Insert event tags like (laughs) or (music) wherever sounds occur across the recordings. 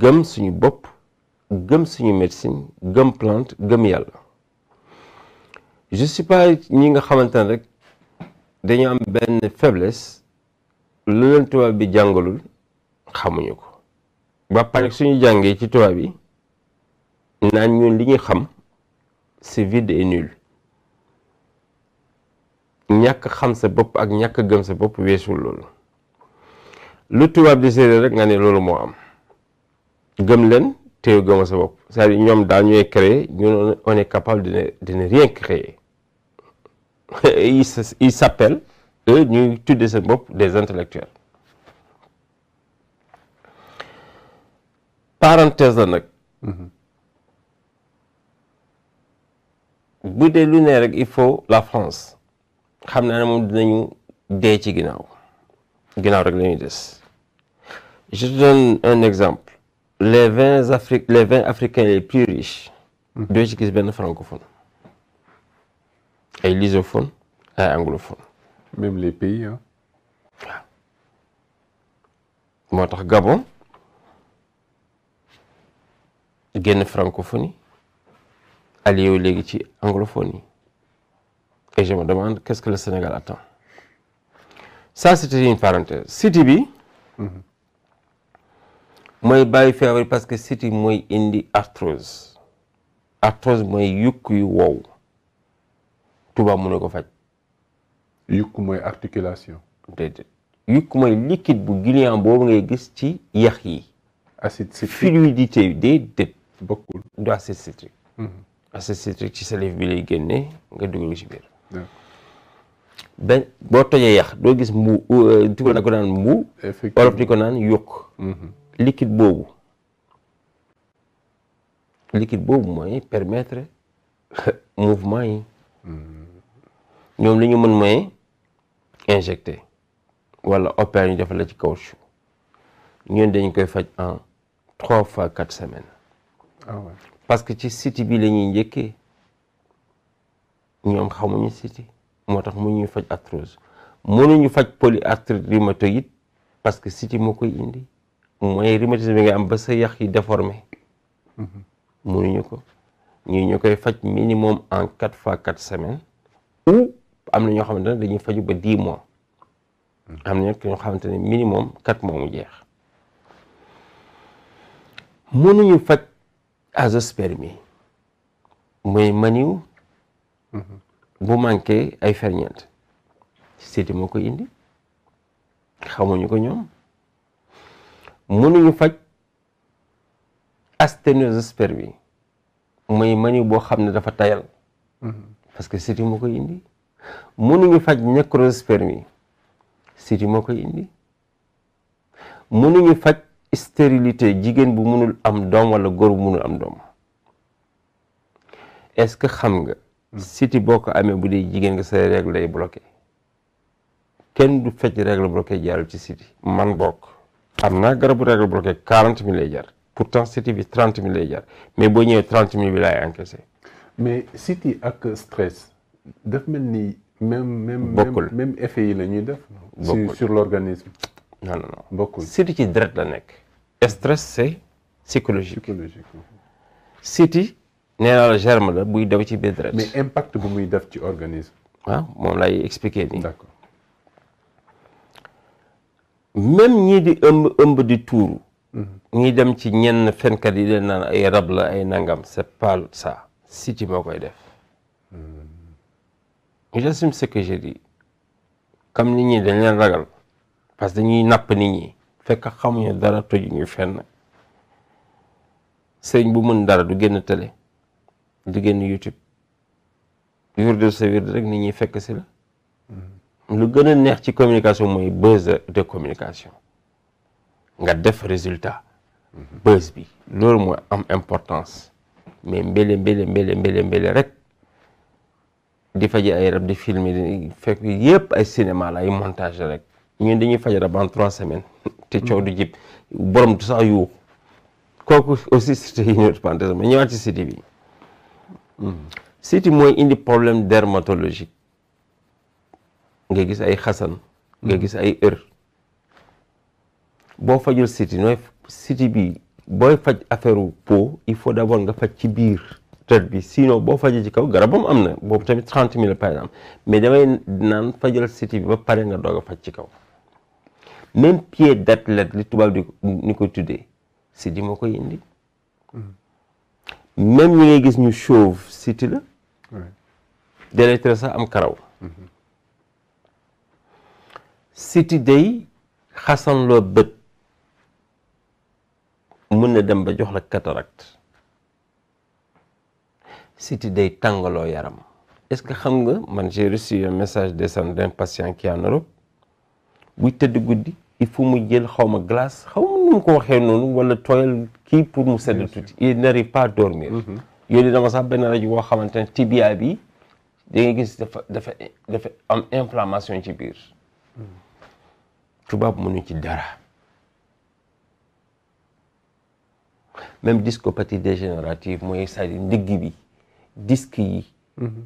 gëm suñu bopp gëm suñu médecine gëm plante gëm yàlla je suis ñi nga xamante ne rek dañu am benn faiblesse lu leen tubaab bi jàngalul xamuñu ko ba pare suñu jàngee ci tubaab bi naan ñun li ñu xam c'est vide et nul ñàkk xam sa bopp ak ñàkk gëm sa bopp weesul loolu lu tubaab di séeréer rek nga ne loolu moo am gëm leen téye gëma bopp cest à ñoom daal ñooy créer ñun on est capable de ne de ne rien créer (laughs) ils ils s'appellent eux ñuy tuddee seen bopp des intellectuels parenthèse la nag bu dee lu ne rek il faut la France xam naa ne moom dinañu dee ci ginnaaw ginnaaw rek la des je te un exemple les vingt Afri les vingt plus riches. doo ci gis benn francophone. ay lusophone ay anglophone. même les pays ah. moo tax Gabon génn francophonie allié léegi ci anglophonie et je me demande qu'est-ce que le Sénégal attend ça c'était une parenthèse city bi. Mm -hmm. mooy bàyyi feebar parce que siti mooy indi arthrose arthrose mooy yukk yu wow tubaab mu ne ko faj. yukk mooy liquide bu gluant boobu ngay gis ci yax yi. acide citrique fluidité bi déedéet. du acide citrique. Mhm. acide citrique ci salive bi lay génne nga dugal ci biir. boo tojee yax doo gis mbu euh, tubaab na ko naan mbu. olof di ko naan yukk. Mhm. liquide boobu liquide boobu mooy permettre (laughs) mouvement yi ñoom li ñu mën mooy injecté wala opère ñu defal la ci caoutchouc ñun dañ koy faj en trois fois quatre semaines ah parce que ci siti bi lañuy njëkkee ñoom xamuñu siti moo tax mu ñuy faj arthrose mënuñu faj polyarthrite rhumatoïde parce que siti moo koy indi mooy mm-hmm. rhumatisme bi nga am ba sa yax yi déformé mm-hmm. mënuñu ko ñu ñu koy faj minimum en quatre fois quatre semaine ou am na ñoo xamante ne dañuy faju ba dix mois mm-hmm. am na ñoo xamante ne minimum quatre mois mu jeex mënuñu faj azoospermie mooy maniw bu manqué ay ferñeent ci séddi moo indi xamuñu ko ñoom mënuñu faj asténose spermie mooy maniou boo xam ne dafa tayal parce que siti moo koy indi mënuñu faj nécrose spermie siti moo koy indi mënuñu faj stérilité jigéen bu mënul am doom wala góor bu mënul am doom est-ce que xam nga siti boo ko amee bu dee jigéen nga say règle lay bloqué kenn du faj règle bloqué jaaral ci siti man bokk am naa garabu règle bloqué quarante mille lay jar pourtant city bi trente mille lay jar mais boo ñëwee trente mille bi laay encaissé. mais siti ak stress def mel ni. même même bokkul même effet yi la ñuy def. bokkul sur l'organisme non non non bokkul city ci deret la nekk. stress c'est psychologique. psychologique. city la germe la buy daw ci biir deret. mais impact bu muy def ci organisme. Ah, moom lay expliqué nii. d'accord. même ñii di ëmb ëmb di tuuru mhm. ñi dem ci ñenn fenkat yi leen naan ay rab la ay nangam c'est pas ça siti moo koy def mhm. j'assume ce que j'ai dit comme nit ñi dañ leen ragal parce que dañuy napp nit ñi fekk xamuñu dara toju ñu fenn sëñ bu mën dara du génn télé du génn YouTube wirdu sa wird rek nit ñi fekk si lu gën a neex ci communication mooy buzz de communication nga def résultat buzz bi loolu mooy am importance mais mbele mbele mbele mbele mbele rek di faje ay rab di filmer di fekk yëpp ay cinéma la ay montage rek ñun dañuy faj rab en trois semaines te coow du jib borom du sax yu kooku aussi c'était une autre parenthèse mais ñëwaat ci siti bi siti mooy indi problème dermatologique nga gis ay xasan nga hmm. gis ay ër boo fajul siti nooy siti bi booy faj affaire po il faut d'abord nga faj ci biir tët bi sinon boo fajee ci kaw garabam am na boobu tamit trente mille par exemple mais damay naan fajal siti bi ba pare nga doog a faj ci kaw même pied d'athlète li tubaab ni ko tuddee siti moo koy indi hmm. même ñi ngay gis ñu chauve siti la délettre sax am karaw hmm. siti day xasanloo bët mun na dem ba jox la cataracte siti day tàngaloo yaram est-ce que xam nga man j'ai reçu un message descend d'un patient qui est buy tëdd guddi il faut mu jël xawma glace xaw ma nu mu ko waxee noonu wala tooyal kii pour mu sedd tuuti il n'arrive pas à dormir mhm. yooyu dama sax benn rajo boo xamante ne tibia bi da gis dafa dafa dafa am inflammation ci biir mm. tubaab mënuñ ci dara même discopathie dégénérative mooy c'est-à-dire ndigg bi disque yi mm-hmm.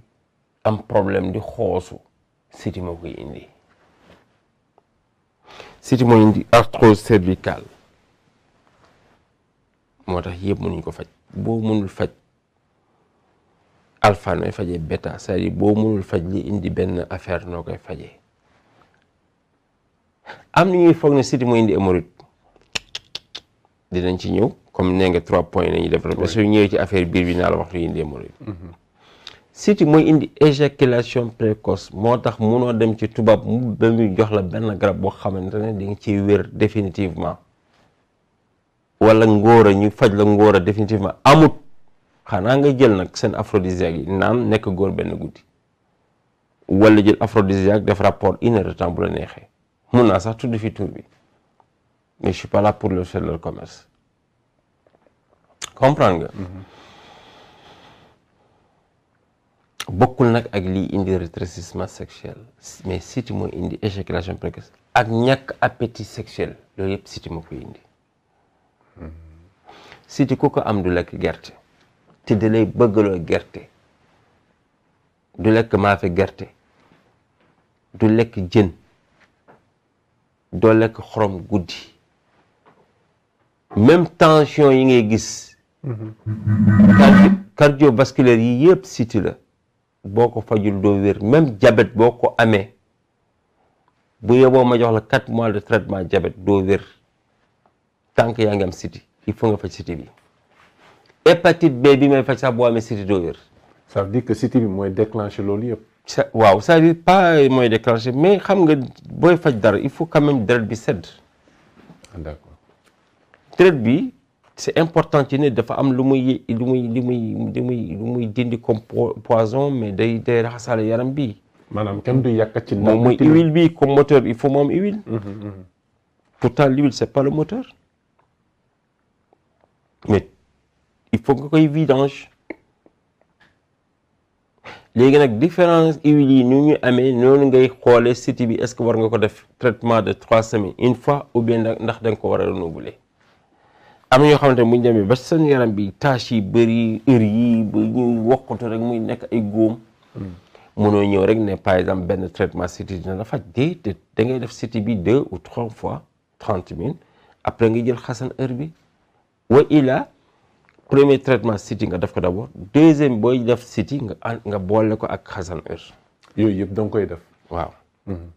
am problème di xoosu siti moo koy indi siti mooy indi arthrose cervicale moo tax yëpp nuñ ko faj boo mënul faj alpha nooy fajee bêta cest à boo mënul faj li indi benn affaire noo koy faje am na ñuy foog ne siti mooy indi hémorroïde dinañ ci ñëw comme nee nga trois points la def développé parce que ñëwee ci affaire biir bi naa la wax luy indi hémorroïde siti mooy indi éjaculation précoce moo tax munoo dem ci tubaab mu ba muy jox la benn garab boo xamante ne di nga ciy wér définitivement walla ngóor a ñu faj la ngóor a définitivement amut xanaa nga jël nag seen aphrodisiaque yi naan nekk góor benn guddi wala jël aphrodisiaque def rapport une heure de la neexee mun naa sax du fi tur bi mais je suis pas là pour le faire leur commerce comprendre nga. Mm-hmm. bokkul nag ak lii indi rétrécissement sexuel mais siti moo indi éjaculation précoce ak ñàkk appétit sexuel loolu yëpp siti moo ko indi mm-hmm. siti ko ko am du lekk gerte te da lay bëggaloo gerte du lekk maafe gerte du lekk jën doo lekk xorom guddi même tension yi ngay gis mhm. cardiovasculaire yii yëpp siti la boo ko fajul doo wér même jabet boo ko amee bu yeboo ma jox la quatre mois de traitement jabet doo wér tànk yaa ngi am siti il faut nga faj siti bi hépatite B bi may faj sax boo amee siti doo wér ça veut dire bi mooy déclencher loolu yëpp sa waaw sa à dire pas mooy déclenché mais xam nga booy faj dara il faut quand même deret bi sedd. d'accord deret bi c'est important ci ne dafa am lu muy lu muy lu muy lu muy lu muy dindi comme poison mais day day raxasaale yaram bi. maanaam kenn du yàq ci. moom mooy huile bi comme moteur bi il faut moom huile. Mm-hmm, mm-hmm. pourtant l'huile c'est pas le moteur mais il faut nga koy vidange. léegi nag différence huile yi ni ñu amee noonu ngay xoolee siti bi est-ce que war nga ko def traitement de trois semaines une fois ou bien ndax da ko war a renouveler am na ñoo xamante ne bu demee ba seen yaram bi tâche yi bëri heure yi ba ñuy wokkatu rek muy nekk ay góom mënoo ñëw rek ne par exemple benn traitement siti dina la faj déedéet da ngay def siti bi deux ou trois fois trente minutes après nga jël xasan heure bi wa ila premier traitement city nga def ko d' abord deuxième booy def city nga nga boole ko ak xasan heure yooyu yëpp da nga koy def waaw mhm.